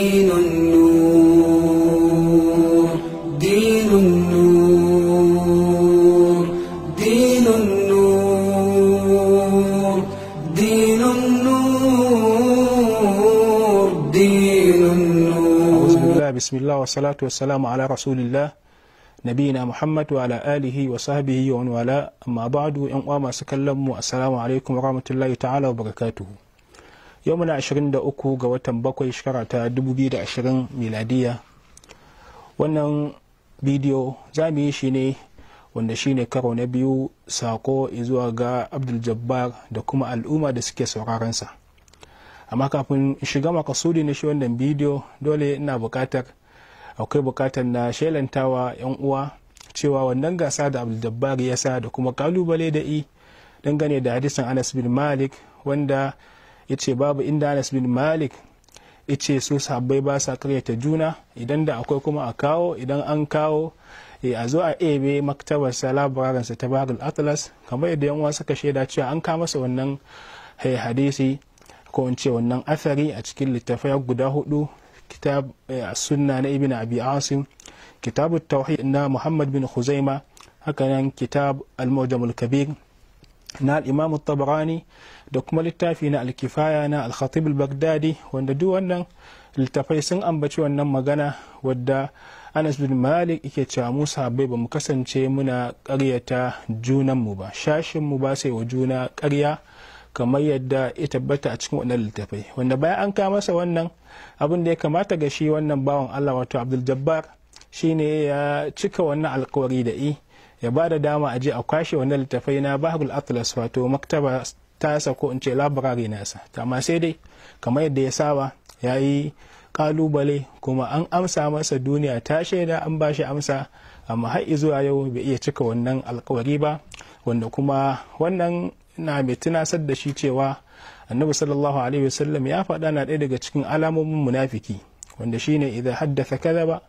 دين النور دين النور دين النور دين النور دين النور بسم الله والصلاة والسلام على رسول الله نبينا محمد وعلى آله وصحبه ومن والاه أما بعد أن أما سكلم السلام عليكم ورحمة الله تعالى وبركاته yau muna 23 ga watan bakwai shekara ta 2020 miladiya wannan bidiyo za mu yi shi ne wanda shi ne karo na biyu sako zuwa ga abdul jabbar da kuma al'umma da suke sauraronsa amma kafin shiga makasudi na shi wannan bidiyo dole ina bukatar akwai bukatar na shelantawa 'yan uwa cewa wannan gasa da abdul jabbar ya sa da kuma kalubale da i dangane da hadisin anas bin malik wanda ya ce babu inda anas bin malik ya ce su sahabbai ba sa karyata juna idan da akwai kuma a kawo idan an kawo eh, a zo a ebe maktabarsa labararinsa ta barul atlas kamar yadda yan suka shaida cewa an kama masa wannan eh, hadisi ko in ce wannan athari a cikin littafai guda hudu kitab eh, sunna na ibn abi asim kitab tauhid na muhammad bin khuzaima hakanan kitab al-mujam al-kabir na al'imamu tabarani da kuma littafi na alkifaya na alkhatib al-baghdadi wanda duk wannan littafai sun ambaci wannan magana wadda anas bin malik yake cewa mu sahabbai ba mu kasance muna ƙaryata junanmu ba shashin ba sai wa juna karya kamar yadda ya tabbata a cikin wannan littafai wanda bayan an kawo masa wannan abin da ya kamata ga shi wannan bawan allah wato abdul jabbar shine ya cika wannan alkawari da i ya ba da dama a je a kwashe wannan littafai na bahrul atlas wato maktaba tasa ko in ce labarari nasa amma sai dai kamar yadda ya saba ya yi kalubale kuma an amsa masa duniya ta shaida an ba shi amsa amma har zuwa yau bai iya cika wannan alkawari ba wanda kuma wannan na mai tunasar da shi cewa annabi sallallahu alaihi wasallam ya faɗa na ɗaya daga cikin alamomin munafiki wanda shine idan haddasa kaza ba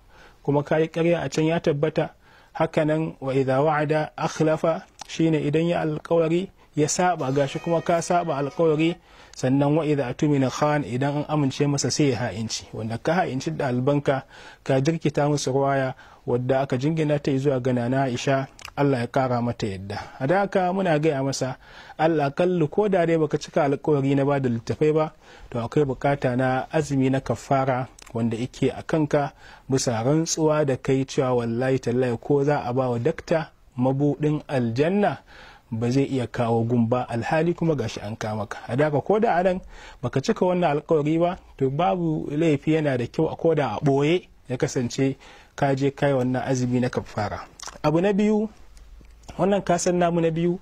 kuma kayi karya a can ya tabbata hakanan wa idza wa'ada akhlafa shine idan ya alƙawari ya saba gashi kuma ka saba alƙawari sannan wa idza atumina khan idan an amince masa sai ya ha'inci wanda ka ha'inci da albanka ka jirkita musu ruwaya wadda aka jingina ta zuwa ga nana Aisha Allah ya kara mata yadda a da haka muna gaya masa Allah kallu ko da dai baka cika alƙawari na ba da littafai ba to akwai bukata na azumi na kafara wanda yake a kanka bisa rantsuwa da kai cewa wallahi tallahi ko za a bawa dakta mabuɗin aljanna ba zai iya kawo gumba alhali kuma gashi an kama ka a daga ko da anan baka cika wannan alkawari ba to babu laifi yana da kyau a da a ɓoye ya kasance ka je kai wannan azumi na kafara abu na biyu wannan kasan namu na biyu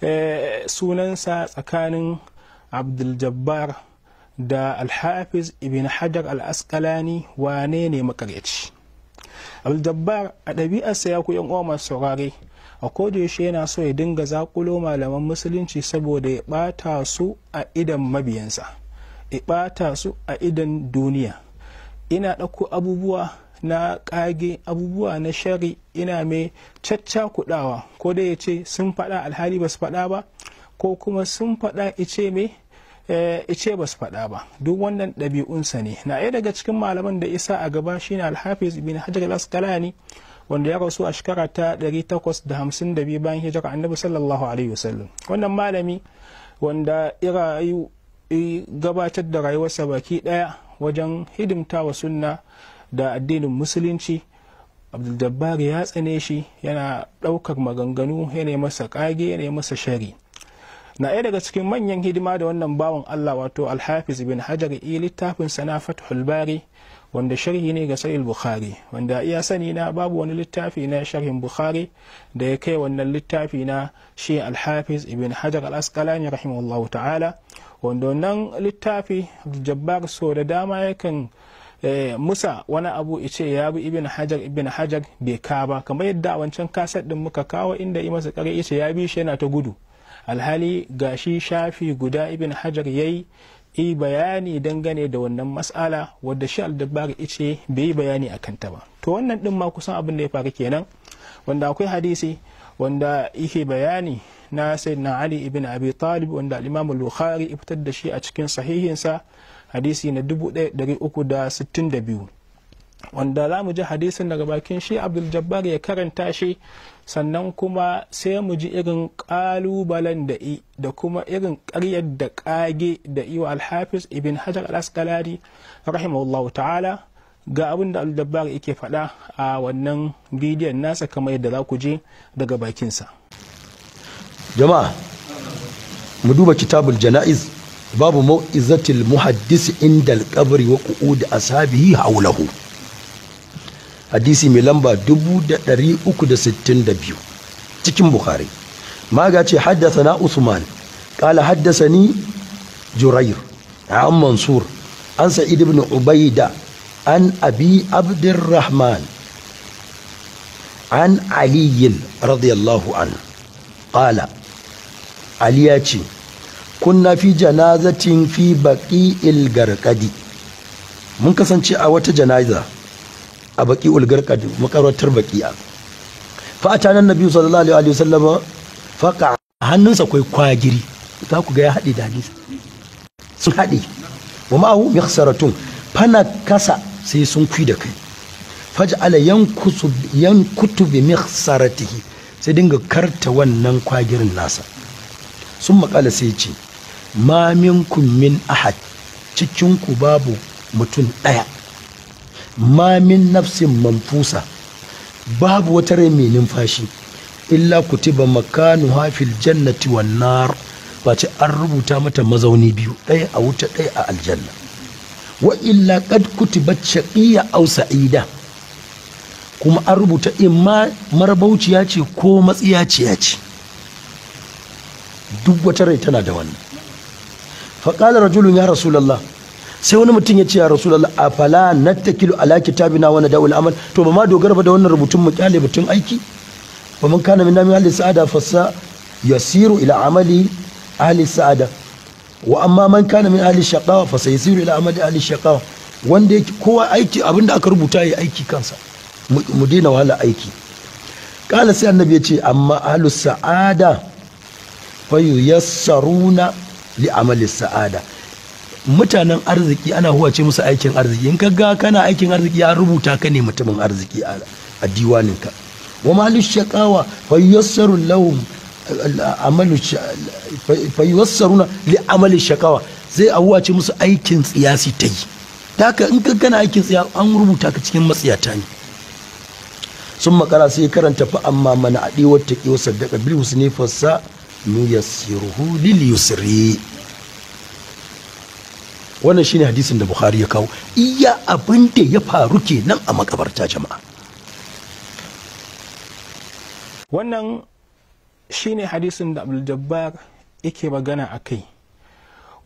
eh, sunansa tsakanin abdul jabbar da alhafiz ibn hajar al-asqalani wane ne makaryaci aljabbar a ɗabi'arsa ya ku yan uwa masu saurare a kodayaushe yana so ya dinga zakulo malaman musulunci saboda ya ɓata su a idan mabiyansa ya ɓata su a idan duniya ina ɗauko abubuwa na ƙage abubuwa na shari ina mai kudawa ko da ya ce sun faɗa alhali ba su faɗa ba ko kuma sun faɗa ice mai Eh, ice ba su faɗa ba duk wannan ɗabi'unsa ne na ɗaya daga cikin malaman da isa a gaba shine alhafiz bin hajar al-asqalani wanda ya rasu a shekara ta 852 bayan hijira annabi sallallahu alaihi wasallam wannan malami wanda irayu gabatar da rayuwarsa baki ɗaya wajen hidimta wa sunna da addinin musulunci abdul ya tsane shi yana ɗaukar maganganu yana masa ƙage yana masa shari na ɗaya daga cikin manyan hidima da wannan bawan Allah wato alhafiz bin hajar i littafin sana fathul bari wanda sharhi ne ga sahih bukhari wanda iya sani na babu wani littafi na sharhin bukhari da ya kai wannan littafi na shi alhafiz ibn hajar al-asqalani rahimahullahu ta'ala wanda wannan littafi jabbar so da dama yakan eh, musa wani abu ice ya bi ibn hajar ibn hajar bai ka ba kamar yadda a wancan kaset din muka kawo inda yi masa kare ice ya bi shi yana ta gudu alhali ga shi shafi guda ibn hajar ya yi bayani dangane da wannan mas'ala wadda shi aldabari ice bai yi bayani a kanta ba to wannan din ma kusan abin da ya faru kenan wanda akwai hadisi wanda yake bayani na sayyidina ali ibn abi talib wanda al-imam al fitar da shi a cikin sahihinsa hadisi na 1362 wanda za mu ji hadisin daga bakin shi abdul jabbar ya karanta shi sannan kuma sai mu ji irin ƙalubalen da i da kuma irin ƙaryar da ƙage da iwa alhafiz ibn hajar al-asqalani rahimahullahu ta'ala ga abin da al-dabbar yake faɗa a wannan bidiyon nasa kamar yadda za ku je daga bakinsa jama'a mu duba kitabul jana'iz babu mau'izatil muhaddisi inda al-qabri wa qu'ud ashabihi hawlahu hadisi mai lamba 362 cikin bukhari maga ce haddasa na usman kala haddasa ni jurair an mansur an sa'id ibn ubaida an abi abdurrahman an aliyin radiyallahu an kala ali ya ce kunna fi janazatin fi baki ilgarkadi mun kasance a wata janaza a baki ulgarka makarantar bakiya fa a canan nabi sallallahu alaihi wasallama faka hannunsa kwai kwagiri za ku ga ya haɗe da hadisi sun haɗe wa ma'ahu yakhsaratun fana kasa sai sun kwi da kai faj'ala yan yankutu bi mikhsaratihi sai dinga karta wannan kwagirin nasa sun makala sai ce ma minkum min ahad cikin ku babu mutum ɗaya mamin nafsin manfusa babu wata rai mai numfashi illa kutiba makanu hafil jannati wan nar face an rubuta mata mazauni biyu ɗaya a wuta ɗaya a aljanna wa illa qad kutibat shaqiya aw sa'ida kuma an rubuta imma marabauciya ce ko matsiyaciya ce duk wata rai tana da wannan faƙararajulun rajulun ya rasulallah sai wani mutum ya ce ya na ta kilo ala kitabina wani nadawul amal to ba ma dogara ba da wannan rubutun mu kyale batun aiki Ba mun kana min ahli sa'ada fasa yasiru ila amali ahli sa'ada wa amma man kana min ahli shaqawa fa sayasiru ila amali ahli shaqawa wanda yake kowa aiki abinda aka rubuta yayi aiki kansa mu dina wahala aiki kala sai annabi ya ce amma ahli sa'ada fa yuyassaruna li amali sa'ada mutanen arziki ana huwace musu aikin arziki in kaga kana aikin arziki ya rubuta ka ne mutumin arziki a diwanin ka wa malus shaqawa fa yassaru lahum amalu fa yassaruna li amali shaqawa zai a musu aikin tsiyasi ta yi taka in kaga kana aikin tsiya an rubuta ka cikin matsiyata ne sun makara sai karanta fa amma mana adi wata kiwa sadaka bil husni fassa yassiruhu lil yusri wannan shine hadisin da bukhari ya kawo iya abin da ya faru kenan a makabarta jama'a wannan shine hadisin da abdul-jabbar yake magana a kai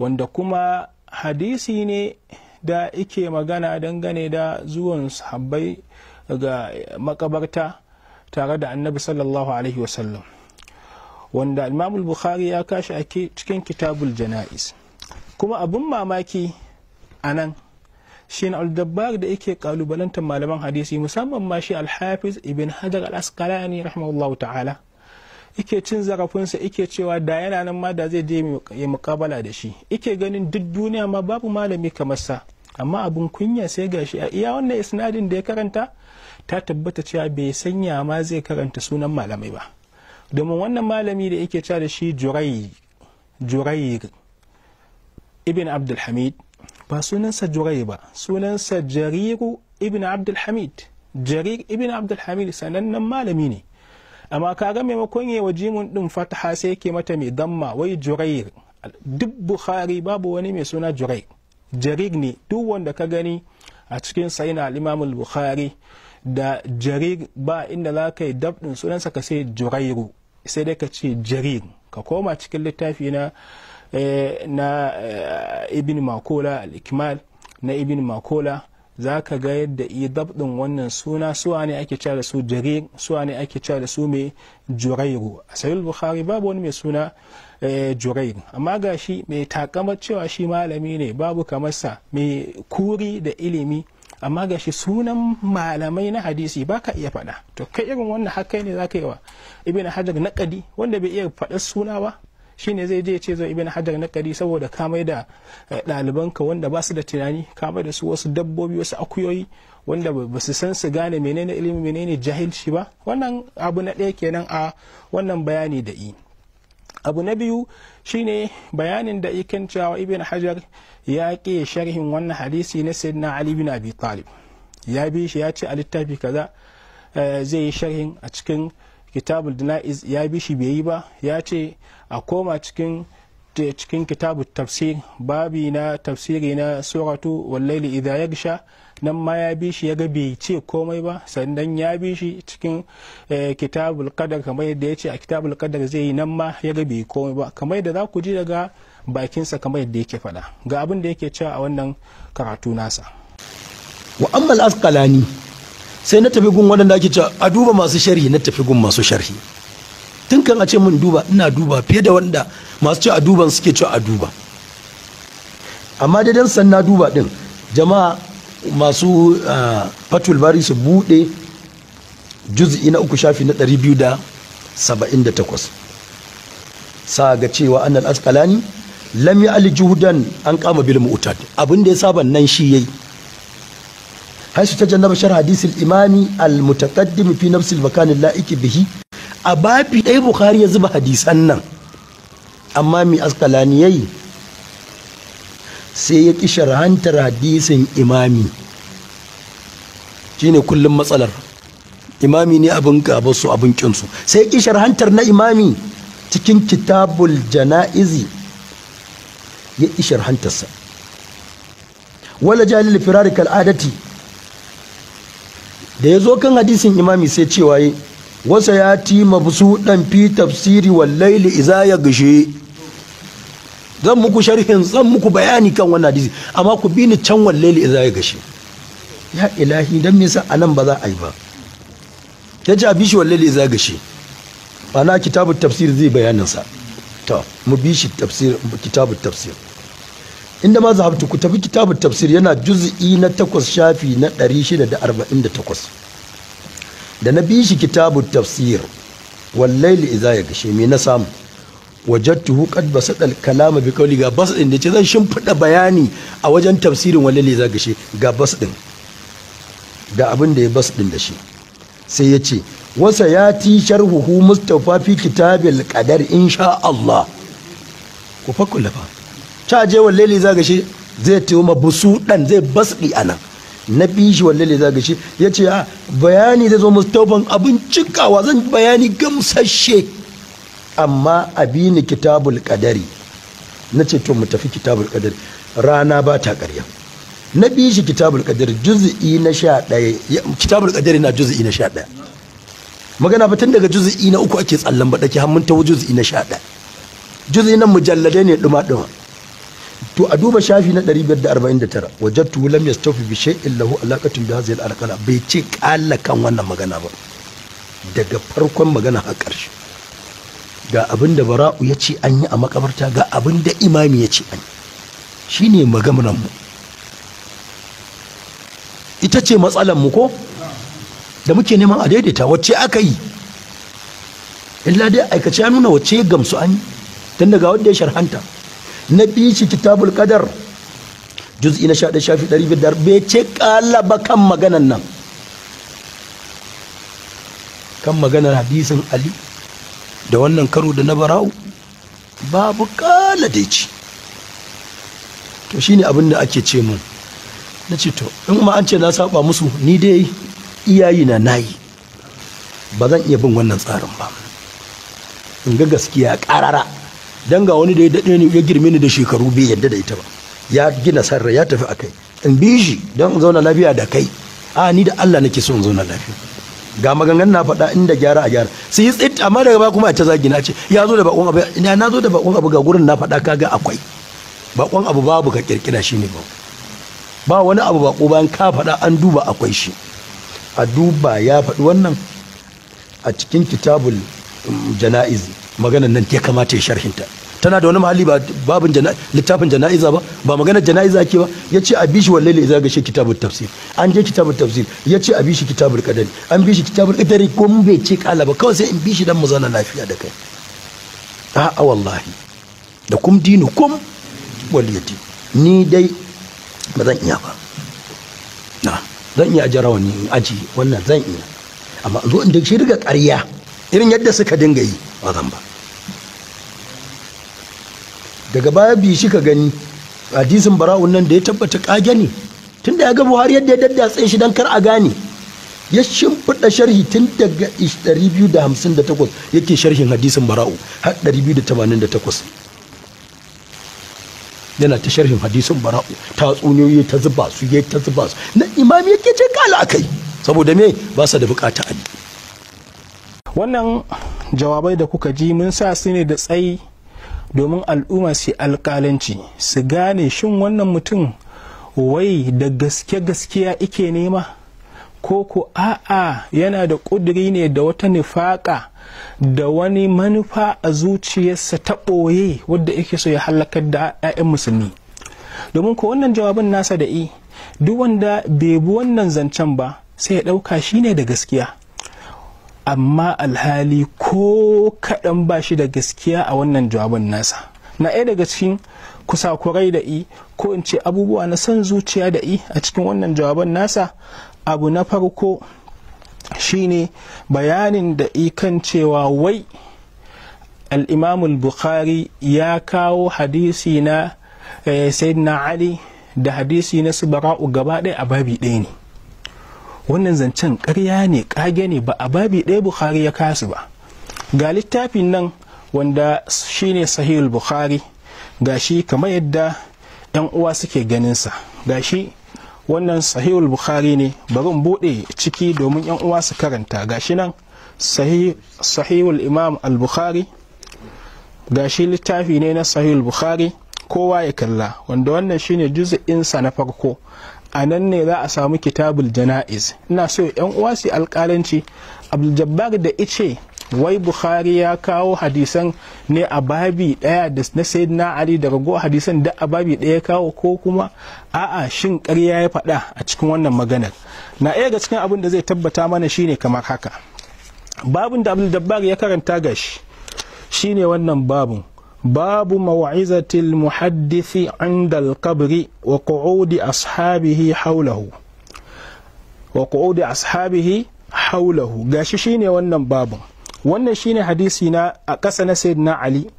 wanda kuma hadisi ne da yake magana dangane da zuwan sahabbai ga makabarta tare da annabi sallallahu alaihi wasallam wanda imamul bukhari ya kashi a cikin kitabul jana'is kuma abin mamaki a nan shi na aldabbar da yake kalubalantar malaman hadisi musamman ma shi alhafiz ibn hajar al-asqalani rahimahullahu ta'ala ike cin zarafinsa ike cewa da yana nan ma da zai je ya mukabala da shi ike ganin duk duniya ma babu malami kamar sa amma abin kunya sai gashi a iya wannan isnadin da ya karanta ta tabbata cewa bai sanya ma zai karanta sunan malamai ba domin wannan malami da yake cewa da shi jurai jurayi ibn abdulhamid ba sunansa jurai ba sunansa jariru ibn abdulhamid jarir ibn abdulhamid sanannen malami ne amma kaga maimakon yi wa jimun din fataha sai yake mata mai damma wai jurair duk bukhari babu wani mai suna jurai jarir ne duk wanda ka gani a cikin sayina limamul bukhari da jarir ba inda za ka yi dabɗin sunansa ka sai jurairu sai dai ka ce jarir ka koma cikin littafi na Eh, na eh, ibn makola al-ikmal na ibn makola za ka ga yadda idab din wannan suna suwa ne ake cewa da su jarir suwa ne ake cewa da su mai jurairu a sahih bukhari babu wani mai suna eh, jurairu amma ga shi mai takamar cewa shi malami ne babu kamar sa mai kuri da ilimi amma ga shi sunan malamai na hadisi ba ka iya faɗa to kai irin wannan haka ne za ka yi wa ibn hajar naƙadi wanda bai iya faɗar suna ba shine zai je ce zai ibn hajar na kari saboda ka mai da eh, ɗalibanka wanda ba su da tunani ka mai da su wasu dabbobi wasu akuyoyi wanda ba su san su gane menene ilimi menene jahilci ba wannan abu na ɗaya kenan a wannan bayani da i abu na biyu shine bayanin da ikan cewa ibn hajar ya ƙi sharhin wannan hadisi na sayyidina ali bin abi talib ya bi shi ya ce a littafi kaza eh, zai yi sharhin a cikin kitabul dina'iz ya bi shi bai yi ba ya ce a koma cikin cikin kitabu tafsir babi na tafsiri na suratu wallaili idha yagsha nan ma ya bi shi ya ga ce komai ba sannan ya bi shi cikin eh, kitabul qadar kamar yadda ya ce a kitabul qadar zai yi nan ma ya ga bai komai ba kamar yadda za ku ji daga bakinsa kamar yadda yake faɗa ga abin da yake cewa a wannan karatu nasa wa ammal asqalani sai na tafi gun waɗanda ake cewa a duba masu sharhi na tafi gun masu sharhi tun kan a ce mun duba ina duba fiye da wanda masu cewa a duba suke cewa a duba amma dai dan sanna duba din jama'a masu ah, fatul bari su buɗe juz'i na uku shafi na 278 sa ga cewa annal asqalani lam ali juhudan an kama bil mu'tad abin da ya saba nan shi yayi haisu ta jannaba shar hadisul imami al-mutaqaddim fi nafsi al la'iki bihi a babi ɗaya bukhari ya zuba hadisan nan amma mi askalani yayi sai ya ki sharhantar hadisin imami shine kullum matsalar imami ne abin gaba su abin kinsu sai ki hantar na imami cikin kitabul jana'izi ya ki hantarsa. wala jalil firari kal'adati da ya zo kan hadisin imami sai cewa yi wasa ya ti dan fi tafsiri wallaili iza ya gashe zan muku sharhin zan muku bayani kan wannan hadisi amma ku bi ni can wallaili iza ya gashe ya ilahi dan me yasa anan ba za a yi ba yace a bishi wallaili iza ya gashe ana kitabut tafsir zai bayanin sa to mu bishi tafsir tafsir inda ma zahabtu ku tafi kitabun tafsir yana juz'i na takwas shafi na 648 da na bi shi kitabun tafsir li iza ya gashe me na samu wajattuhu qad basada al-kalama bi qawli ga bas din ce zan shimfida bayani a wajen tafsirin wallai li iza gashe ga bas din da abin da ya bas din da shi sai ya ce wasa ya ti sharhuhu mustafa fi kitabil qadar insha Allah ku fakula fa ta je wallahi za ga shi zai tewo ma busu dan zai basɗi a nan na bi shi wallahi za ga shi ya ce a bayani zai zo mustafan abin cikawa zan bayani gamsashe amma abini kitabul kadari na ce to mu tafi kitabul kadari rana ba ta ƙarya na bi shi kitabul kadari juz'i na sha ɗaya kitabul kadari na juz'i na sha ɗaya magana ba tun daga juz'i na uku ake tsallan ba baɗaki har mun tawo juz'i na sha ɗaya juz'i na mujalladai ne ɗuma-ɗuma to a duba shafi na 549 wajattu lam yastafi bi shay'in lahu alaqatun bi hadhihi al bai ce kala kan wannan magana ba daga farkon magana a ƙarshe ga abin da bara'u ya ce an yi a makabarta ga abin da imami ya ce an yi shi ne mu ita ce matsalar mu ko da muke neman a daidaita wacce aka yi illa dai aikace ya nuna wacce gamsu an yi tun daga wanda ya sharhanta na biyu shi kitabul kadar juz'i na 11 shafi 500 bai ce kala ba kan maganan nan kan maganar hadisin ali da wannan karo da na barau babu kala da ci to shine abin da ake ce mun na ce to in ma an ce na saba musu ni dai iyayi na nayi ba zan iya bin wannan tsarin ba in ga gaskiya karara dan ga wani da ya daɗe ni ya girme ni da shekaru bai yadda da ita ba ya gina sarra ya tafi akai in bi shi don in zauna lafiya da kai a ni da Allah nake so in zauna lafiya ga maganganun na faɗa inda gyara a gyara su yi tsit amma daga ba kuma a ta zagi na ce ya zo da bakon abu ina na zo da bakon abu ga gurin na faɗa kaga akwai bakon abu babu ka kirkira shi ne ba ba wani abu bako bayan ka faɗa an duba akwai shi a duba ya faɗi wannan a cikin kitabul um, jana'iz maganan nan ya kamata ya sharhinta tana da wani mahalli ba babin littafin jana'iza ba ba maganar jana'iza ke ba ya ce a bishi wallahi la izaga shi kitabul tafsir an je kitabul tafsir ya ce a bishi kitabul qadari an bishi kitabul qadari ko mun bai ce kala ba kawai sai in bishi dan mu zauna lafiya da kai a'a wallahi da kum dinu kum waliyati ni dai ba zan iya ba na zan iya ajiyar wani aji wannan zan iya amma zo in da shi riga ƙarya irin yadda suka dinga yi ba zan ba daga baya bi shi ka gani hadisin bara'un nan da ya tabbata kage ne tun da ya ga buhari yadda ya daddatsa shi dan kar a gane ya shimfiɗa sharhi tun daga 258 yake sharhin hadisin bara'u har 288 yana ta sharhin hadisin bara'u ta tsuniyoyi ta zuba su ya ta zuba su na imam yake ce kala akai saboda me ba sa da bukata ali wannan jawabai da kuka ji mun sa su ne da tsayi domin al'umma su alkalanci su gane shin wannan mutum wai da gaske gaskiya ike nema ko ko a'a yana da ƙuduri ne da wata nifaƙa da wani manufa a zuciyarsa ta ɓoye wadda yake so ya halakar da 'ya'yan musulmi domin ko wannan jawabin nasa da i duk wanda bai bi wannan zancen ba sai ya ɗauka shine da gaskiya amma alhali ko kaɗan ba shi da gaskiya a wannan jawabin nasa na ɗaya daga cikin kusakurai da i ko in ce abubuwa na son zuciya da i a cikin wannan jawabin nasa abu na farko shine bayanin da i kan cewa wai al'imamul bukhari ya kawo hadisi na eh, sayyidina ali da hadisi na su bara'u gaba ɗaya a babi ɗaya ne wannan zancen ƙarya ne ƙage ne ba a babi ɗaya bukhari ya kasu ba ga littafin nan wanda shine sahihul bukhari ga shi kamar yadda 'yan uwa suke ganinsa ga shi wannan sahihul bukhari ne bari in buɗe ciki domin 'yan uwa su karanta ga shi nan sahihul imam al-bukhari ga shi littafi ne na sahihul bukhari kowa ya kalla wanda wannan shine juz'insa na farko a nan ne za a samu kitabul jana'iz ina so yan uwa su alƙalanci abdul da ice wai bukhari ya kawo hadisan ne a babi daya da na sayyidina ali da rago hadisan da a babi daya kawo ko kuma a'a shin ƙarya ya faɗa a cikin wannan maganar na ɗaya ga cikin abin da zai tabbata mana shine kamar haka babun da abdul ya karanta gashi shine wannan babun. باب موعظة المحدث عند القبر وقعود أصحابه حوله وقعود أصحابه حوله gashi shine wannan babun wannan shine hadisi na a ƙasa na sayyidina Ali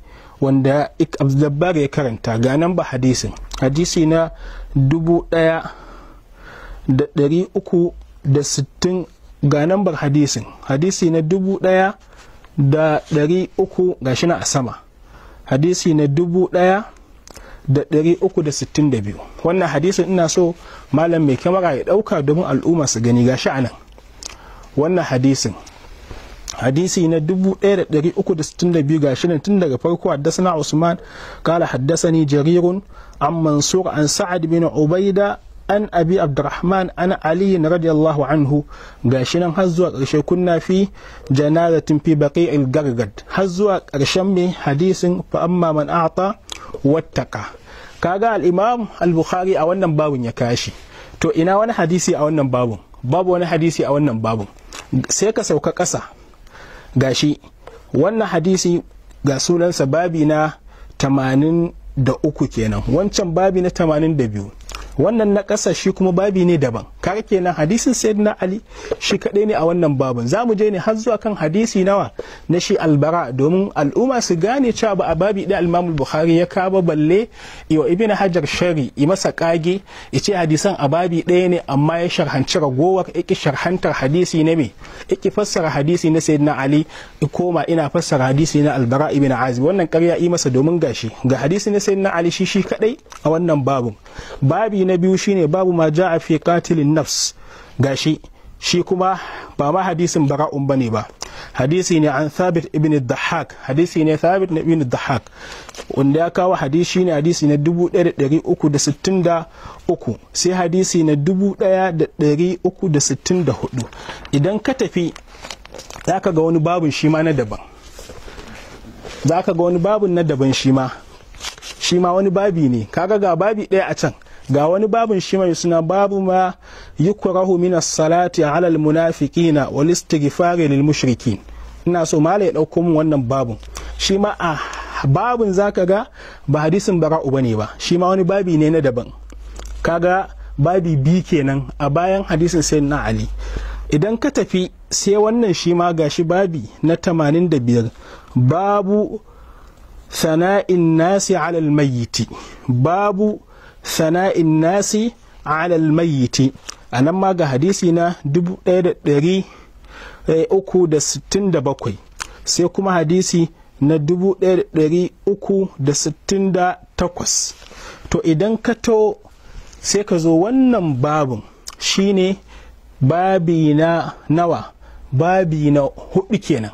wanda Abdulbar ya karanta ga nan ba hadisi na 1360 ga nan ba hadisin hadisi na 1300 a sama hadisi na dubu ɗaya da ɗari uku da sittin da biyu wannan hadisin ina so malam mai kyamara ya ɗauka domin al'umma su gani ga sha'anan wannan hadisin hadisi na dubu ɗaya da da da ɗari uku sittin biyu ga shirin tun daga farko na Usman kala haddasa ni jarirun an Mansur an Sa'ad bin Ubaida an abi abdurrahman an ali radiyallahu anhu gashi nan har zuwa ƙarshe kunna fi janazatin fi baqi'il gargad har zuwa ƙarshen mai hadisin fa amma man a'ta wattaqa kaga al-imam al-bukhari a wannan babun ya kashi to ina wani hadisi a wannan babun babu wani hadisi a wannan babun sai ka sauka ƙasa gashi wannan hadisi ga sunansa babi na 83 kenan wancan babi na 82 wannan na ƙasa shi kuma babi ne daban kaga kenan hadisin sayyidina ali shi kadai ne a wannan babin za mu je ne har zuwa kan hadisi nawa na shi albara domin al'umma su gane cewa ba a babi da al buhari ya kaba balle iwa ibn hajar shari i masa kage ya ce hadisan a babi ɗaya ne amma ya sharhanci ragowar iki sharhantar hadisi na me iki fassara hadisi na sayyidina ali koma ina fassara hadisi na albara ibn wannan karya yi masa domin gashi ga hadisi na sayyidina ali shi shi kadai a wannan babin babi na biyu shine babu ma ja'a fi qatilin nafs gashi shi kuma ba ma hadisin bara'un bane ba hadisi ne an thabit ibn dahak hadisi ne thabit na ibn dahak wanda ya kawo hadisi ne hadisi na 1363 sai hadisi na 1364 idan ka tafi za ka ga wani babun shi ma na daban za ka ga wani babun na daban shi ma shi ma wani babi ne kaga ga babi ɗaya a can ga wani babin shi mai suna babu ma yi min as-salati a al munafiki na istighfari lil mushriki ina so mala ya dauko min wannan babu shi ma a za zaka ga ba hadisin bara'u ne ba shi ma wani babi ne na daban kaga babi bi kenan a bayan hadisin saina ali idan ka tafi sai wannan shi ma gashi babi na tamanin da biyar babu sana'in nasi alal mayiti babu sana'in nasi alal mayiti a nan ma ga hadisi na 1367 eh, sai kuma hadisi na 1368 to idan ka to sai ka zo wannan babin shine babi na nawa babi na hudu kenan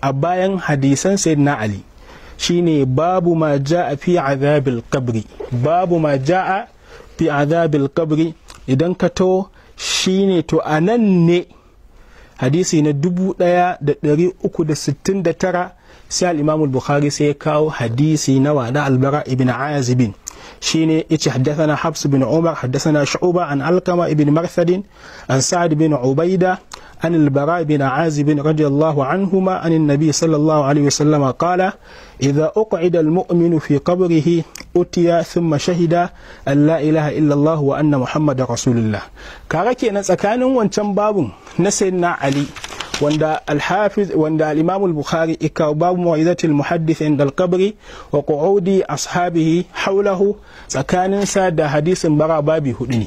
a bayan hadisan na ali shine babu ma ja'a fi azabil kabri babu ma ja'a fi azabil qabri idan ka to shine to anan ne hadisi na dubu ɗaya da uku 1369 sai al-Imam al-Bukhari sai ya kawo hadisi na wada albara ibn Azib shine yace hadasana Hafs bin Umar haddathana Shu'ba an alkama ibin Marsad an Sa'd bin Ubaida عن البراء بن عازب رضي الله عنهما عن النبي صلى الله عليه وسلم قال إذا أقعد المؤمن في قبره أتي ثم شهد أن لا إله إلا الله وأن محمد رسول الله كاركي نسكان وانتم باب نسينا علي wanda alhafiz wanda al-imam al-bukhari ika babu mawizati al-muhaddith inda al-qabri wa qu'udi ashabihi hawlahu tsakaninsa da hadisin bara babi hudu ne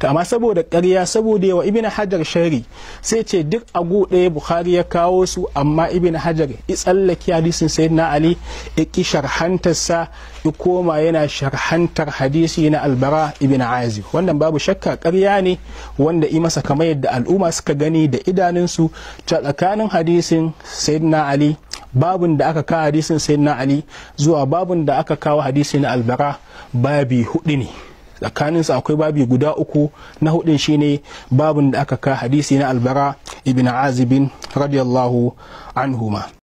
to amma saboda ƙarya saboda yawa ibn hajar shari sai ce duk agu ɗaya bukhari ya kawo su amma ibn hajar i tsallake hadisin sayyidina ali ya ki sharhantarsa ya koma yana sharhantar hadisi na albara ibn azi wannan babu shakka ƙarya ne wanda i masa kamar yadda al'umma suka gani da idanunsu ta tsakanin hadisin sayyidina ali babun da aka kawo hadisin sayyidina ali zuwa babun da aka kawo hadisin albara babi hudu ne tsakanin akwai babi guda uku na hudun shine babun da aka ka hadisi na albara ibn azibin radiyallahu anhuma